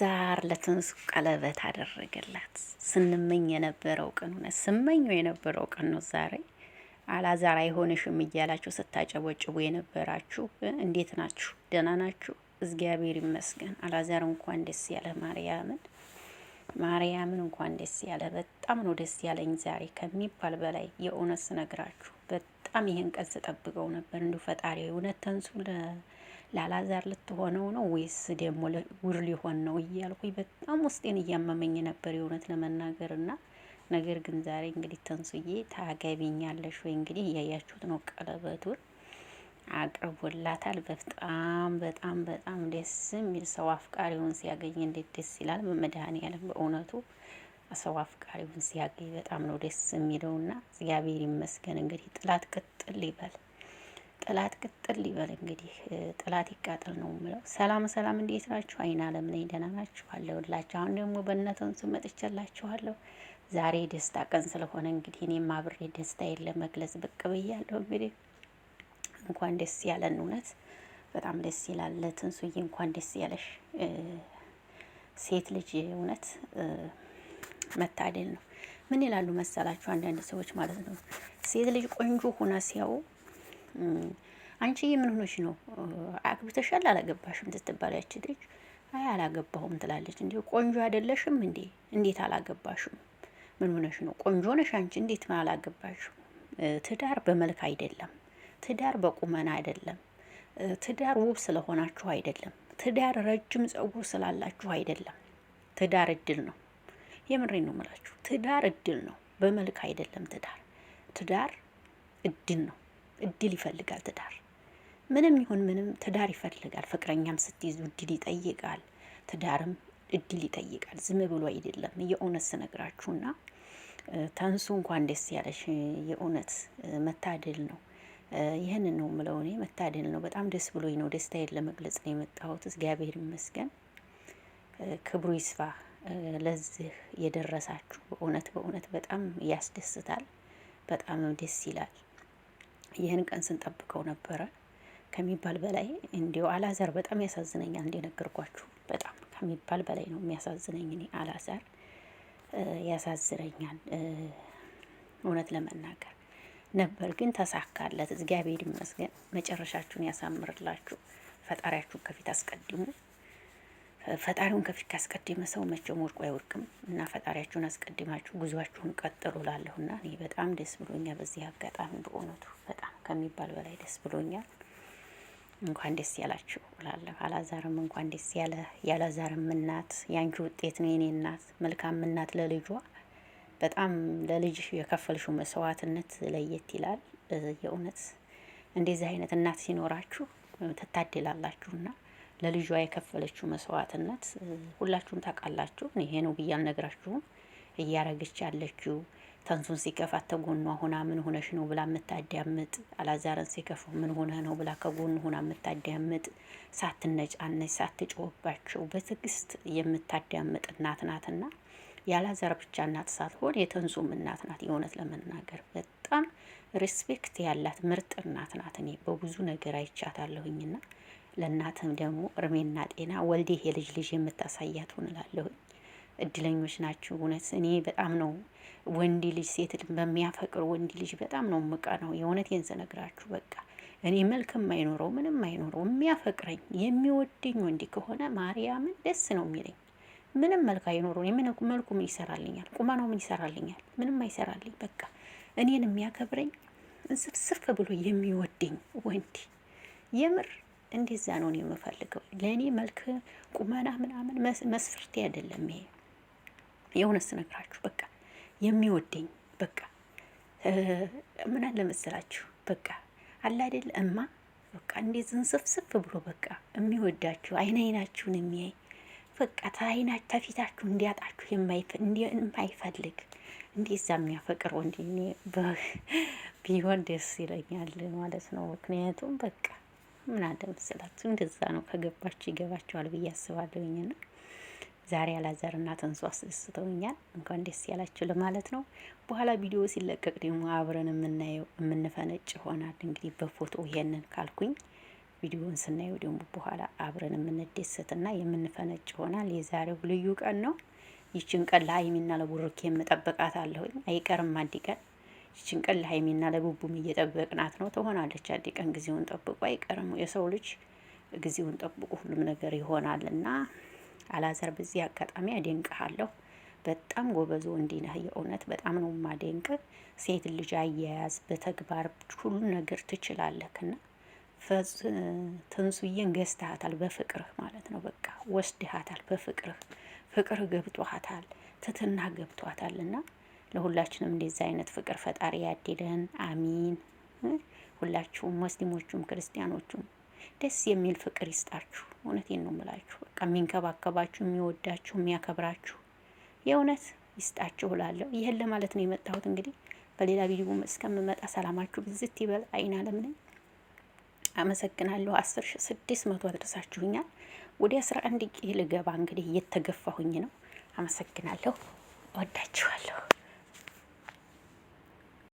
ዛር ለትንሱ ቀለበት አደረገላት። ስንመኝ የነበረው ቀን ሆነ። ስመኝ የነበረው ቀን ነው ዛሬ። አላዛር አይሆንሽም እያላችሁ ስታጨበጭቡ የነበራችሁ እንዴት ናችሁ? ደህና ናችሁ? እግዚአብሔር ይመስገን። አላዛር እንኳን ደስ ያለ ማርያምን ማርያምን እንኳን ደስ ያለ። በጣም ነው ደስ ያለኝ ዛሬ ከሚባል በላይ የእውነት ስነግራችሁ በጣም ይህን ቀን ስጠብቀው ነበር። እንዲሁ ፈጣሪ እውነት ተንሱ ላላዛር ልትሆነው ነው ወይስ ደግሞ ውር ሊሆን ነው እያልኩኝ በጣም ውስጤን እያመመኝ ነበር የእውነት ለመናገር ና ነገር ግን ዛሬ እንግዲህ ተንሱዬ ታገቢኛለሽ ወይ እንግዲህ እያያችሁት ነው ቀለበቱን አቅርቦላታል። በጣም በጣም በጣም ደስ የሚል ሰው አፍቃሪውን ሲያገኝ እንዴት ደስ ይላል! መድኃኔዓለም በእውነቱ ሰው አፍቃሪውን ሲያገኝ በጣም ነው ደስ የሚለውና እግዚአብሔር ይመስገን እንግዲህ ጥላት ቅጥል ይበል። ጥላት ቅጥል ይበል እንግዲህ ጥላት ይቃጠል ነው የምለው። ሰላም ሰላም፣ እንዴት ናችሁ? አይን አለም ነኝ። ደህና ናችሁ? አለሁላችሁ። አሁን ደግሞ በእነተን ስመጥቼላችኋለሁ። ዛሬ ደስታ ቀን ስለሆነ እንግዲህ እኔም አብሬ የለ መግለጽ ብቅ ብያለሁ። እንግዲህ እንኳን ደስ ያለን። እውነት በጣም ደስ ይላል። ትንሱዬ እንኳን ደስ ያለሽ። ሴት ልጅ እውነት መታደል ነው። ምን ይላሉ መሰላችሁ አንዳንድ ሰዎች ማለት ነው ሴት ልጅ ቆንጆ ሁና ሲያው አንቺ ምን ሆነሽ ነው አግብተሻል አላገባሽም ትትባል ያቺ ልጅ አይ አላገባሁም ትላለች እንዴ ቆንጆ አይደለሽም እንዴ እንዴት አላገባሽም ምን ሆነሽ ነው ቆንጆ ነሽ አንቺ እንዴት አላገባሽም ትዳር በመልክ አይደለም ትዳር በቁመና አይደለም ትዳር ውብ ስለሆናችሁ አይደለም ትዳር ረጅም ጸጉር ስላላችሁ አይደለም ትዳር እድል ነው የምሬ ነው የምላችሁ ትዳር እድል ነው በመልክ አይደለም ትዳር ትዳር እድል ነው እድል ይፈልጋል ትዳር። ምንም ይሁን ምንም ትዳር ይፈልጋል። ፍቅረኛም ስትይዙ እድል ይጠይቃል። ትዳርም እድል ይጠይቃል። ዝም ብሎ አይደለም። የእውነት ስነግራችሁና ተንሱ እንኳን ደስ ያለሽ። የእውነት መታደል ነው። ይህንን ነው ምለው እኔ መታደል ነው። በጣም ደስ ብሎኝ ነው ደስታዬን ለመግለጽ ነው የመጣሁት። እግዚአብሔር ይመስገን። ክብሩ ይስፋ። ለዚህ የደረሳችሁ በእውነት በእውነት በጣም ያስደስታል። በጣም ደስ ይላል። ይህን ቀን ስንጠብቀው ነበረ ከሚባል በላይ እንዲሁ አላዛር በጣም ያሳዝነኛል። እንደነገርኳችሁ በጣም ከሚባል በላይ ነው የሚያሳዝነኝ። እኔ አላዛር ያሳዝነኛል እውነት ለመናገር ነበር፣ ግን ተሳካለት። እግዚአብሔር ይመስገን። መጨረሻችሁን ያሳምርላችሁ። ፈጣሪያችሁን ከፊት አስቀድሙ። ፈጣሪውን ከፊት ካስቀደመ ሰው መቼም ወድቆ አይወድቅም እና ፈጣሪያችሁን አስቀድማችሁ ጉዟችሁን ቀጥሉ ላለሁና እኔ በጣም ደስ ብሎኛ በዚህ አጋጣሚ በእውነቱ ከሚባል በላይ ደስ ብሎኛል። እንኳን ደስ ያላችሁ እላለሁ። አላዛርም እንኳን ደስ ያለ። ያላዛርም እናት ያንቺ ውጤት ነው የኔ እናት፣ መልካም እናት ለልጇ በጣም ለልጅ የከፈልሽው መስዋዕትነት ለየት ይላል። የእውነት እንደዚህ አይነት እናት ሲኖራችሁ ትታደላላችሁና ለልጇ የከፈለችው መስዋዕትነት ሁላችሁም ታውቃላችሁ። ይሄ ነው ብዬ አልነግራችሁም። እያረገች ያለችው ተንሱን ሲከፋት ተጎኗ ሆና ምን ሆነሽ ነው ብላ የምታዳምጥ፣ አላዛርን ሲከፉ ምን ሆነ ነው ብላ ከጎኑ ሆና የምታዳምጥ፣ ሳትነጫነች ሳትጮህባቸው በትዕግስት የምታዳምጥ እናት ናትና የአላዛር ብቻ እናት ሳትሆን የተንሱም እናት ናት። የእውነት ለመናገር በጣም ሪስፔክት ያላት ምርጥ እናት ናት። እኔ በብዙ ነገር አይቻታለሁኝና ለእናትም ደግሞ እርሜና ጤና ወልዴ የልጅ ልጅ የምታሳያት ሆንላለሁኝ። እድለኞች ናችሁ። እውነት እኔ በጣም ነው ወንድ ልጅ ሴት በሚያፈቅር ወንድ ልጅ በጣም ነው ምቃ ነው የእውነት የንዘነግራችሁ በቃ እኔ መልክም አይኖረው ምንም አይኖረው የሚያፈቅረኝ የሚወደኝ ወንድ ከሆነ ማርያምን ደስ ነው የሚለኝ። ምንም መልክ አይኖረው እኔ መልኩ ምን ይሰራልኛል? ቁመናው ምን ይሰራልኛል? ምንም አይሰራልኝ። በቃ እኔን የሚያከብረኝ ስፍስፍ ብሎ የሚወደኝ ወንድ የምር እንደዛ ነው የምፈልገው። ለእኔ መልክ ቁመና ምናምን መስፈርቴ አይደለም ይሄ። የእውነት ስነግራችሁ በቃ የሚወደኝ በቃ ምን አለ መሰላችሁ በቃ አለ አይደል እማ በቃ እንዴት ዝንስፍስፍ ብሎ በቃ የሚወዳችሁ አይን አይናችሁን የሚያይ በቃ ታይና ተፊታችሁ እንዲያጣችሁ የማይፈልግ እንደዛ የሚያፈቅር ወንድ ቢሆን ደስ ይለኛል ማለት ነው። ምክንያቱም በቃ ምን አለ መሰላችሁ እንደዛ ነው። ከገባችሁ ይገባችኋል ብዬ አስባለሁኝና ዛሬ እና ትንሱ አስደስተውኛል። እንኳን ደስ ያላችሁ ለማለት ነው። በኋላ ቪዲዮ ሲለቀቅ ደግሞ አብረን የምናየው የምንፈነጭ ይሆናል። እንግዲህ በፎቶ ይሄንን ካልኩኝ ቪዲዮውን ስናየው ደግሞ በኋላ አብረን የምንደሰትና የምንፈነጭ ይሆናል። የዛሬው ልዩ ቀን ነው። ይችን ቀን ለሀይሚና ለቡሩኬ የምጠብቃት አለሁኝ። አይቀርም አንድ ቀን ይችን ቀን ለሀይሚና ለቡቡም እየጠበቅናት ነው። ትሆናለች አንድ ቀን። ጊዜውን ጠብቁ፣ አይቀርም። የሰው ልጅ ጊዜውን ጠብቁ፣ ሁሉም ነገር ይሆናልና አላዛር በዚህ አጋጣሚ አደንቅሃለሁ። በጣም ጎበዝ ወንድ ነህ። የእውነት በጣም ነው ማደንቅ። ሴት ልጅ አያያዝ በተግባር ሁሉ ነገር ትችላለህና ትንሱዬን ገዝተሃታል፣ በፍቅርህ ማለት ነው። በቃ ወስድሃታል፣ በፍቅርህ ፍቅር ገብቶሃታል፣ ትትና ገብቷታል። እና ለሁላችንም እንደዚህ አይነት ፍቅር ፈጣሪ ያድለን። አሚን። ሁላችሁም ሙስሊሞቹም ክርስቲያኖቹም ደስ የሚል ፍቅር ይስጣችሁ። እውነቴን ነው ምላችሁ። የሚንከባከባችሁ፣ የሚወዳችሁ፣ የሚያከብራችሁ የእውነት ይስጣችሁ እላለሁ። ይህን ለማለት ነው የመጣሁት። እንግዲህ በሌላ ቪዲዮ እስከምመጣ ሰላማችሁ ብዝት ይበል። አይን አለም ነኝ። አመሰግናለሁ። አስር ሺ ስድስት መቶ አድረሳችሁኛል። ወደ አስራ አንድ ቂ ልገባ እንግዲህ እየተገፋሁኝ ነው። አመሰግናለሁ። ወዳችኋለሁ።